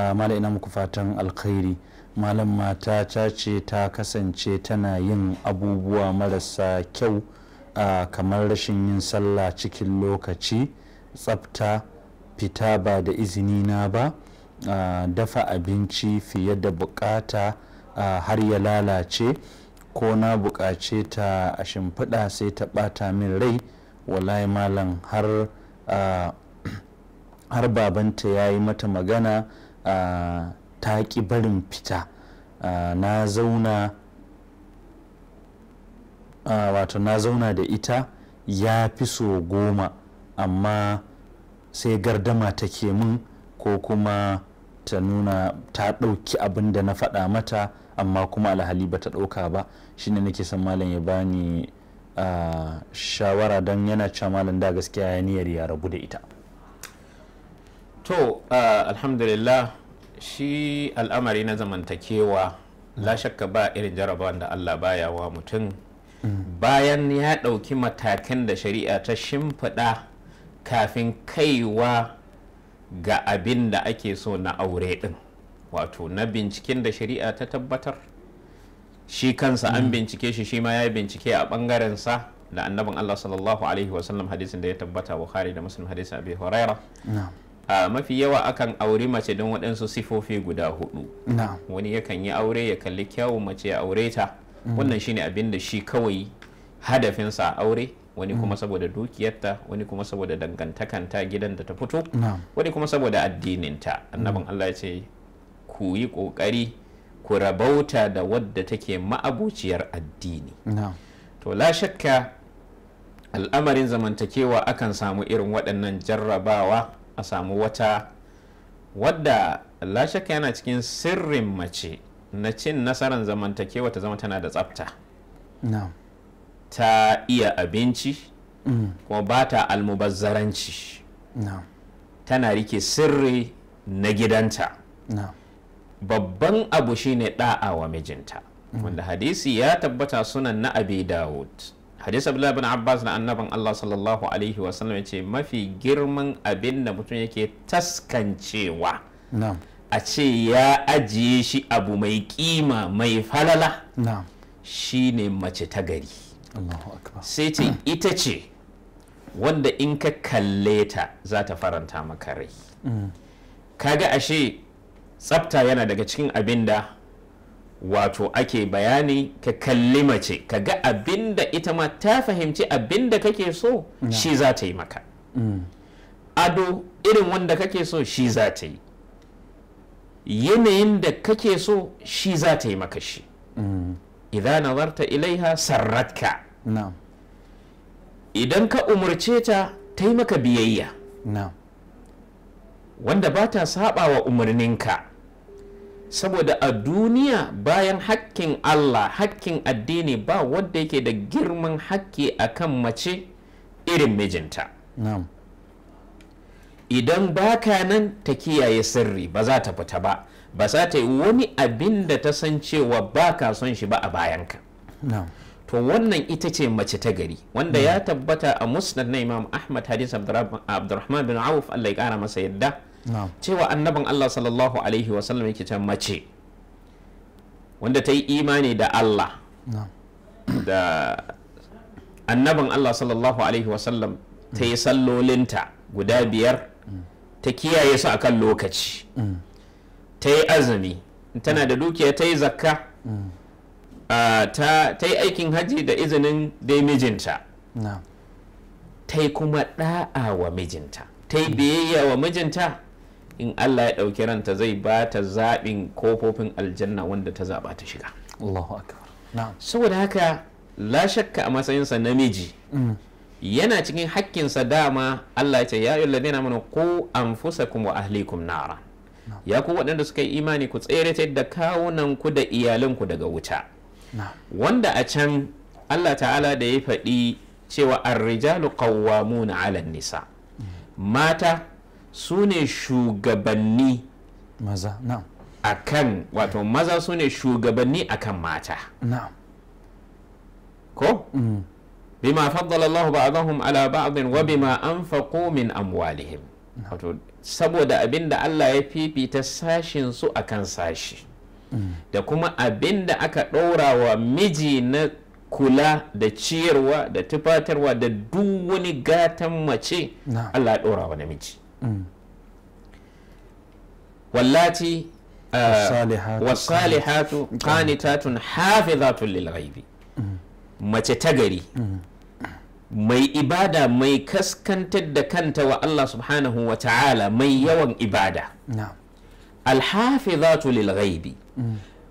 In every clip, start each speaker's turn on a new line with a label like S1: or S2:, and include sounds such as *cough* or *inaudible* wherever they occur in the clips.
S1: Ah, malam ina muku fatan alkhairi malam mata ta ce ta kasance tana yin abubuwa marasa kyau ah, kamar rashin yin sallah cikin lokaci tsafta fita ba da izini na ba
S2: ah, dafa abinci fiye da bukata har ya lalace ko na bukace ta a shimfiɗa sai ta ɓata min rai wallahi malam har har babanta ya yi mata magana ta ƙi barin fita na zauna wato na zauna da ita ya fi so goma amma sai gardama ta ke min ko kuma ta nuna ta ɗauki abin da na faɗa mata amma kuma alhali ba ta ɗauka
S1: ba shine nake son malam ya bani shawara don yana cewa malam da gaskiya ya niyar ya rabu da ita
S2: to uh, alhamdulillah shi al'amari na zamantakewa la shakka ba irin jarabawan da allah baya wa mutum mm. bayan ya ɗauki matakan da shari'a ta shimfiɗa kafin kaiwa ga abin da ake so na aure ɗin wato na binciken da shari'a ta tabbatar shi kansa an mm. bincike shi shi ma ya bincike a ɓangarensa da annabin allah sallallahu alaihi wasallam hadisin da ya tabbata bukhari da muslim hadisin abi huraira a mafi yawa akan auri mace don waɗansu sifofi guda hudu wani yakan yi aure ya kalli kyawun mace ya aure ta mm. wannan shine abin da shi kawai hadafinsa aure wani kuma mm. saboda dukiyarta wani kuma saboda dangantakanta gidan da ta fito wani kuma saboda addininta annabin mm. allah ya ce ku yi ƙoƙari ku rabauta da wadda take ma'abuciyar addini to la shakka al'amarin zamantakewa akan samu irin waɗannan jarrabawa a samu wata wadda lashaka yana cikin sirrin mace na cin nasarar zamantakewa ta zama tana da tsafta ta iya abinci mm. kuma ba ta almubazzaranci tana rike sirri na gidanta babban abu shine ne wa mijinta mm. wanda hadisi ya tabbata sunan na abi dawud hadisi abdullahi bin abbas na annaban allah sallallahu alaihi wasallam ya ce mafi girman abin da mutum yake taskancewa a ce ya ajiye shi abu mai kima mai falala shi ne mace ta gari sai ce *clears throat* ita ce wanda in ka kalle ta za ta faranta maka rai mm. kaga ashe tsafta yana daga cikin abin da wato ake bayani ka kalli mace ka ga abin da ita ma ta fahimci abin da kake so shi za ta yi maka mm. ado irin wanda kake so shi za ta yi yanayin da kake so shi za ta yi maka shi Idan mm. idan nazarta ilaiha sarratka idan ka umarce ta ta yi maka biyayya wanda ba ta saba wa umarninka saboda a duniya bayan hakkin Allah hakkin addini ba wanda yake da girman hakki a kan mace irin mijinta idan baka nan ta kiyaye sirri ba za ta fita ba ba za ta yi wani abin da ta san cewa ba ka son shi ba a bayanka to wannan ita ce mace ta gari wanda ya tabbata a musnad na imam ahmad hadis abdurrahman bin awuf allah ya kara masa yadda cewa annabin Allah sallallahu alaihi wasallam yake can mace wanda ta yi imani da Allah da annabin Allah sallallahu alaihi wasallam ta yi sallolinta guda biyar ta kiyaye su akan lokaci mm. ta yi azumi tana da dukiya ta yi zakka mm. ta yi aikin hajji da izinin dai mijinta ta yi kuma da'a wa mijinta ta yi biyayya wa mijinta in Allah ya ɗauki ranta zai ba ta zaɓin kofofin aljanna wanda ta zaɓa ta shiga Allahu akbar saboda haka la shakka a matsayinsa namiji mm. yana cikin hakkinsa dama Allah ya ce ya yi ladina mana ko anfusakum kuma ahlikum nara ya ku waɗanda suka yi imani ku tsere ta da kawunan ku da iyalanku daga wuta wanda a can Allah ta'ala da ya faɗi cewa arrijalu qawwamuna 'ala nisa mm. mata su ne shugabanni maza na'am akan wato maza su ne shugabanni akan mata na'am ko mm. bima faddalallahu ba'dahum ala ba'din wa bima anfaqu min amwalihim wato saboda abin da Allah ya fifita sashin su akan sashi mm. da kuma abin da aka ɗora wa miji na kula da ciyarwa da tufatarwa da duk wani gatan mace Allah ya ɗora wa namiji Mm. wallati
S1: uh, wasalihatu
S2: mm. qanitatun hafizatun lilghaibi mm. mace ta gari mai ibada mai kaskantar da kanta wa Allah subhanahu wa ta'ala mai yawan ibada alhafizatu lil ghaibi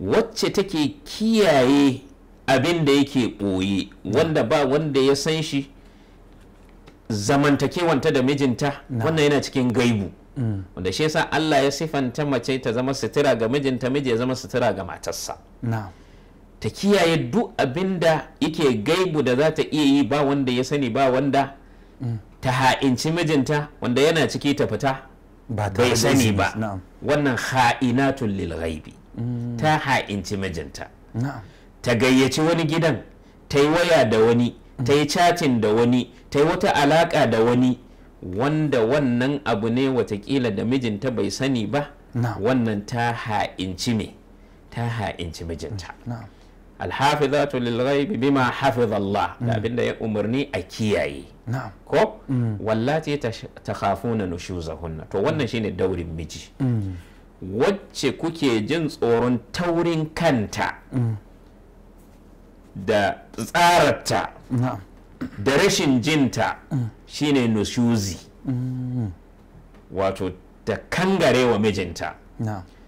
S2: wacce take kiyaye abin da yake ɓoye wanda ba wanda ya san shi zamantakewanta da mijinta wannan yana cikin gaibu mm. wanda shi yasa Allah ya sifanta mace ta zama sutura ga mijinta miji ya zama sutura ga matarsa ta kiyaye duk abinda yake gaibu da za ta iya yi ba wanda ya sani ba wanda mm. ta ha'inci mijinta wanda yana ciki ta fita
S1: bai sani ba
S2: wannan ha'inatun lil ghaibi mm. ta ha'inci mijinta ta gayyaci wani gidan ta yi waya da wani ta yi chatting da wani ta yi wata alaka da wani wanda wannan abu ne watakila da mijinta bai sani ba wannan ta ha'inci ne ta ha'inci mijinta mm, alhafizatu lilghaibi bima hafiz Allah da mm. abinda ya umarni a kiyaye ko
S1: na
S2: mm. takhafuna nushuzahunna to wannan shine daurin miji wacce kuke jin tsoron taurin kanta da tsararta da rashin jinta shine nusuzi wato da kangare wa mijinta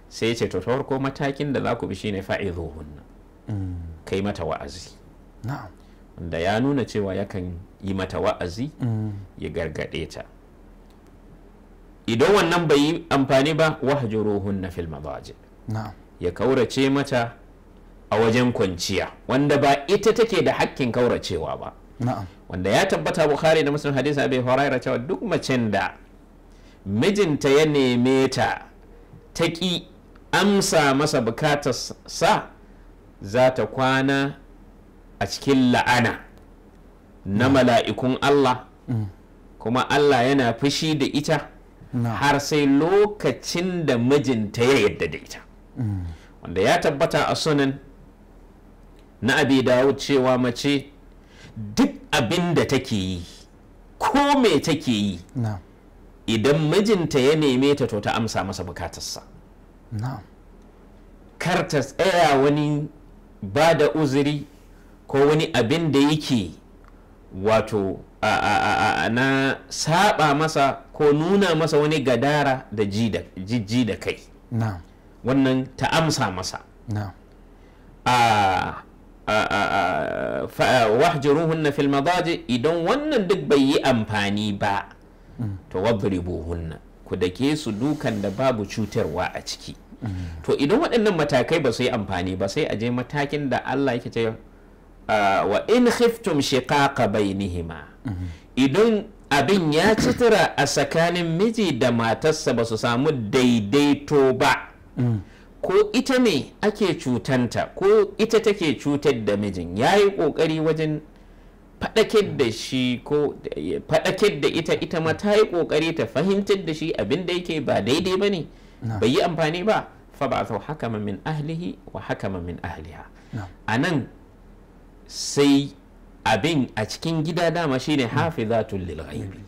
S2: sai ce to farko matakin da za ku bi shine ka mm. kai mata wa'azi da ya nuna cewa yakan yi mata wa'azi mm. ya gargaɗe ta idan wannan bai yi amfani ba na filma madaji ya kaurace mata a wajen kwanciya wanda ba ita take da hakkin kauracewa ba wanda ya tabbata bukhari da muslim hadisa bai horaira cewa duk macen da mijinta ya neme ta ta ƙi amsa masa bukatar sa za ta kwana a cikin la'ana na mala'ikun Allah mm. kuma Allah yana fushi da ita har sai lokacin da mijinta ya yadda da ita mm. wanda ya tabbata a sunan na abi dawud cewa mace duk abin da take yi ko me take yi idan mijinta ya neme ta to ta amsa masa bukatarsa kar ta tsaya wani ba da uzuri ko wani abin da yake wato na saba masa ko nuna masa wani gadara da jijji da kai wannan ta amsa masa a wahjuruhunna fil madaji idan wannan duk bai yi amfani ba to wadribuhunna ku dake su dukan da babu cutarwa a ciki to idan waɗannan matakai ba su yi amfani ba sai a je matakin da Allah yake ce wa in khiftum shiqaqa bainihima idan abin ya citira a tsakanin miji da matarsa ba su samu daidaito ba ko ita ne ake cutanta ko ita take cutar da mijin ya yi ƙoƙari wajen faɗakar da shi ko faɗakar da ita ita ma ta yi ƙoƙari ta fahimtar da shi abin da yake ba daidai ba ne bai yi amfani ba fa ba haka ma min ahlihi wa haka ma min ahliha a nan sai abin a cikin gida dama shine mm. hafizatul lil ghaibi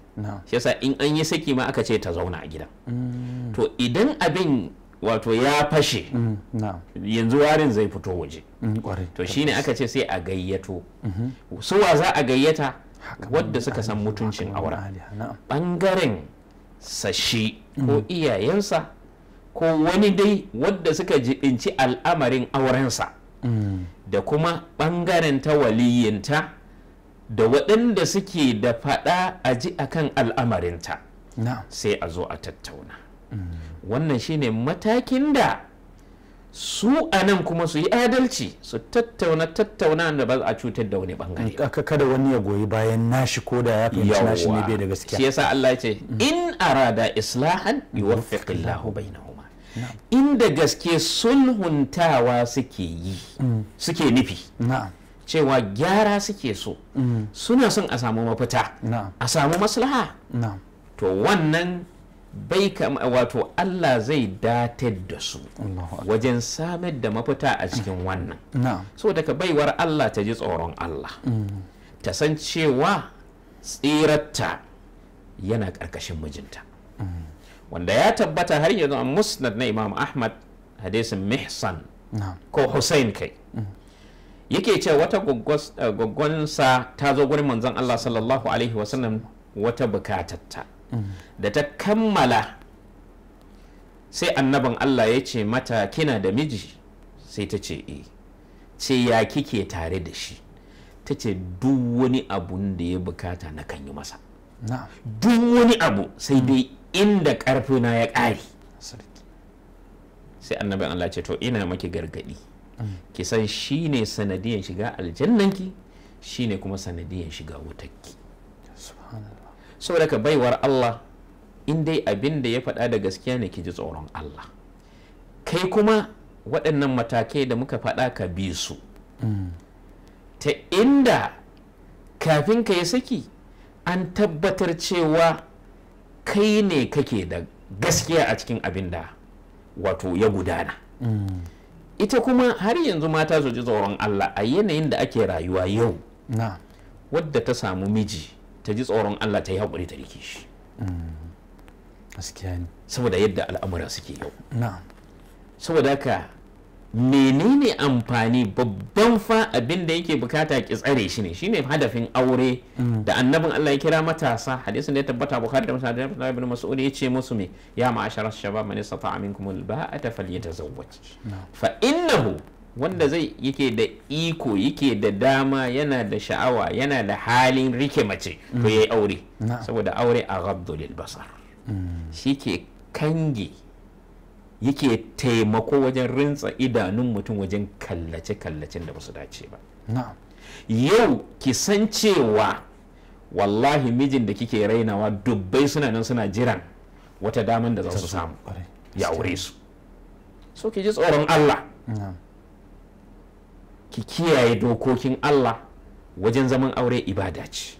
S2: shi yasa in an yi saki ma aka ce ta zauna a gida
S1: mm. to
S2: idan abin wato ya fashe mm, yanzu warin zai fito waje
S1: mm, to shine
S2: aka ce sai a gayyato mhm. suwa za a gayyata wadda suka san mutuncin aura bangaren sashi ko mm. iyayensa ko wani dai wadda suka jibinci al'amarin aurensa da kuma bangaren ta waliyinta da waɗanda suke da fada a ji akan al'amarinta sai a zo a tattauna wannan shine matakin da su a nan kuma su yi adalci su tattauna tattauna da ba a cutar da wani bangare
S1: kada wani ya goyi bayan nashi ko da ya fahimci nashi ne bai da gaskiya shi
S2: yasa Allah ce mhm. in arada islahan yuwaffiqillahu bainahuma inda gaske sulhuntawa suke yi mm. suke nufi cewa gyara suke so mm. suna son a samu mafita a samu maslaha
S1: to wannan
S2: bai kama wato Allah zai datar da su wajen samar da mafita a cikin wannan so daga baiwar Allah ta ji tsoron Allah mm. ta san cewa tsirarta yana ƙarƙashin mijinta mm. wanda ya tabbata har yanzu a musnad na imam ahmad hadisin mihsan ko hussein kai mm. yake ce wata gwaggonsa eh, ta zo gurin manzon Allah sallallahu alaihi wasallam wata bukatarta da ta kammala sai annaban Allah ya ce mata kina da miji sai ta ce e ce ya kike tare da shi ta ce duk wani abun da ya bukata na kan yi masa duk wani abu sai mm. dai inda karfina ya ƙare sai annaban Allah ce to ina maki gargadi mm. ki san shi ne sanadiyan shiga aljannanki shi ne kuma sanadiyan shiga wutakki
S1: subhanallah
S2: saboda ka baiwar Allah in dai abin da ya faɗa da gaskiya ne ki ji tsoron Allah kai kuma waɗannan matakai da muka faɗa ka bi su mm. ta inda kafin ka yi saki an tabbatar cewa kai ne kake da gaskiya a cikin abin da wato ya gudana mm. ita kuma har yanzu mata su ji tsoron Allah a yanayin da ake rayuwa yau wadda ta samu miji ta ji tsoron Allah ta yi haƙuri ta rike shi gaskiya ne saboda yadda al'amura suke yau saboda haka menene amfani babban fa abin da yake bukata ki tsare shi ne shine hadafin aure da annabin Allah ya kira matasa hadisin da ya tabbata bukhari da muslim da ibn mas'ud ya ce musu me ya ma'ashara shabab man istata'a minkum alba'ata falyatazawwaj fa innahu wanda zai yake da iko yake da dama yana da sha'awa yana da halin rike mace to yi aure saboda aure a gabdulil basar shi ke kange yake taimako wajen rintsa idanun mutum wajen kallace-kallacen da basu dace ba yau ki san cewa wallahi mijin da kike rainawa dubbai suna nan suna jiran wata daman da za su samu ya aure su so ki ji tsoron Allah ki kiyaye dokokin Allah wajen zaman aure ibada ce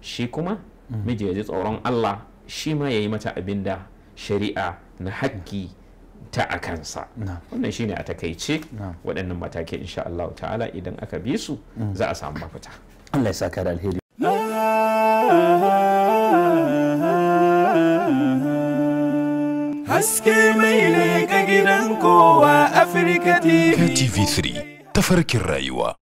S2: shi kuma miji ya ji tsoron Allah shi ma ya yi mata abin da shari'a na haƙƙi ta a kansa wannan shi ne a takaice waɗannan matakai insha Allah ta'ala idan aka bi su mm. za a samu mafita Allah ya saka da alheri
S1: haske mai ne ga gidan kowa Afirka TV. TV3 تفرك الرأي